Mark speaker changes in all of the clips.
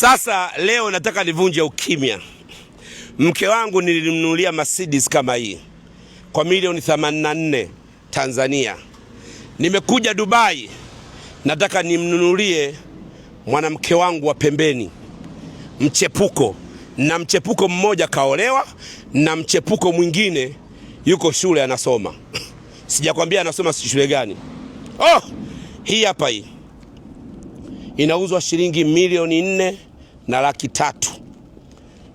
Speaker 1: Sasa leo nataka nivunje ukimya. Mke wangu nilimnunulia Mercedes kama hii kwa milioni 84 Tanzania. Nimekuja Dubai, nataka nimnunulie mwanamke wangu wa pembeni mchepuko, na mchepuko mmoja kaolewa na mchepuko mwingine yuko shule anasoma. Sijakwambia anasoma shule gani? Oh, hii hapa hii inauzwa shilingi milioni nne na laki tatu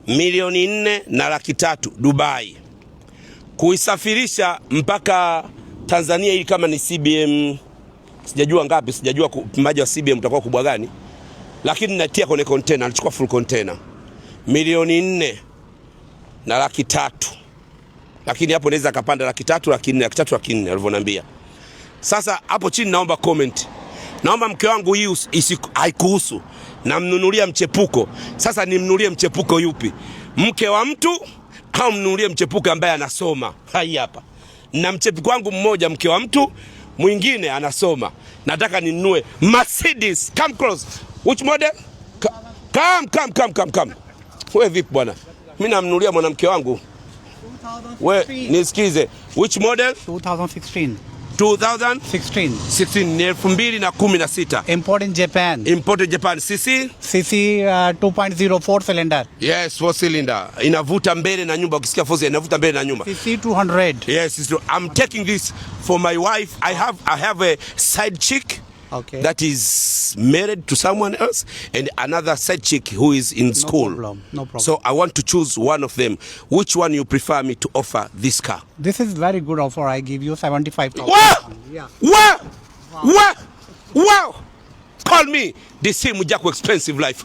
Speaker 1: milioni nne na laki tatu Dubai kuisafirisha mpaka Tanzania, ili kama ni CBM sijajua ngapi, sijajua maji wa CBM utakuwa kubwa gani, lakini natia kwenye container, alichukua full container milioni nne na laki tatu, lakini hapo naweza kapanda laki tatu, laki nne, laki tatu, laki nne alivyoniambia. Sasa hapo chini naomba comment naomba mke wangu hii haikuhusu, namnunulia mchepuko. Sasa nimnunulie mchepuko yupi, mke wa mtu au mnunulie mchepuko ambaye anasoma? Hai hapa na mchepuko wangu mmoja, mke wa mtu mwingine anasoma, nataka ninunue Mercedes. Come close. Which model? Come, come, come, come, come. Wewe vipi bwana, mimi namnunulia mwanamke wangu. Wewe nisikize. Which model?
Speaker 2: 2016.
Speaker 1: 2016 16 ni 2016
Speaker 2: import in Japan import in uh,
Speaker 1: yes four cylinder inavuta mbele na nyumba ukisikia four inavuta mbele na nyumba
Speaker 2: CC 200
Speaker 1: yes I'm taking this for my wife I have I have a side chick okay that is married to someone else and another side chick who is in no school. Problem. No problem. So I want to choose one of them. Which one you prefer me to offer this car?
Speaker 2: This is very good offer. I give you 75,000.
Speaker 1: Wow! Yeah. Wow! Wow! Wow! wow! Call me the same Jacko. expensive life.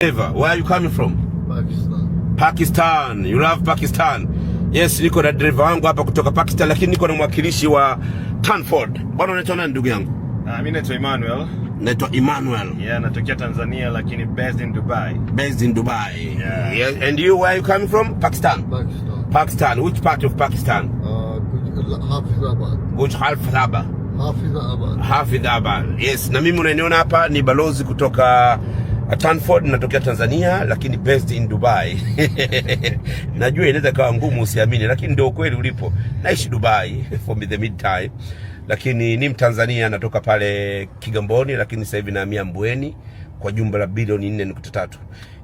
Speaker 1: Eva, Where are you coming from?
Speaker 3: Pakistan.
Speaker 1: Pakistan. You love Pakistan. Yes, niko na driver wangu hapa kutoka Pakistan, lakini niko na mwakilishi wa Tanford. Bwana, unaitwa nani ndugu yangu?
Speaker 4: Ah, mimi naitwa Emmanuel.
Speaker 1: Naitwa Emmanuel.
Speaker 4: Yeah, natokea Tanzania lakini based in Dubai.
Speaker 1: Based in Dubai. Yeah. Yeah. And you where you coming from? Pakistan. Pakistan. Pakistan. Which part of Pakistan?
Speaker 3: Uh, Hafizabad.
Speaker 1: Which Hafidhabad?
Speaker 3: Hafizabad.
Speaker 1: Hafidhabad. Yes, na mimi unaniona hapa ni balozi kutoka Tanford natokea Tanzania lakini based in Dubai. Najua inaweza kawa ngumu usiamini, lakini ndio ukweli ulipo. Naishi Dubai for the meantime, lakini ni Mtanzania, natoka pale Kigamboni, lakini sasa hivi nahamia Mbweni kwa jumba la bilioni 4.3.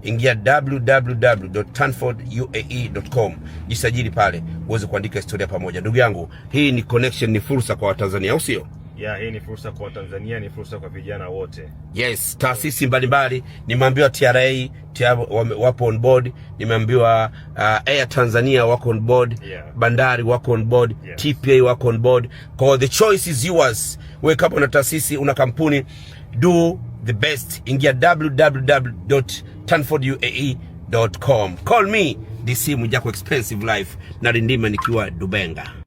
Speaker 1: Ingia www.tanforduae.com, jisajili pale uweze kuandika historia pamoja. Ndugu yangu, hii ni connection, ni fursa kwa Watanzania, au sio?
Speaker 4: ya hii ni fursa kwa Tanzania, ni fursa kwa vijana wote.
Speaker 1: Yes, taasisi mbalimbali nimeambiwa TRA wapo on board, nimeambiwa uh, Air Tanzania wako on board yeah. Bandari wako on board yes. TPA wako on board. Kwa the choice is yours. Wewe kama una taasisi una kampuni do the best, ingia www.tanforduae.com. Call me DC Mwijaku Expensive Life na Rindima nikiwa Dubenga.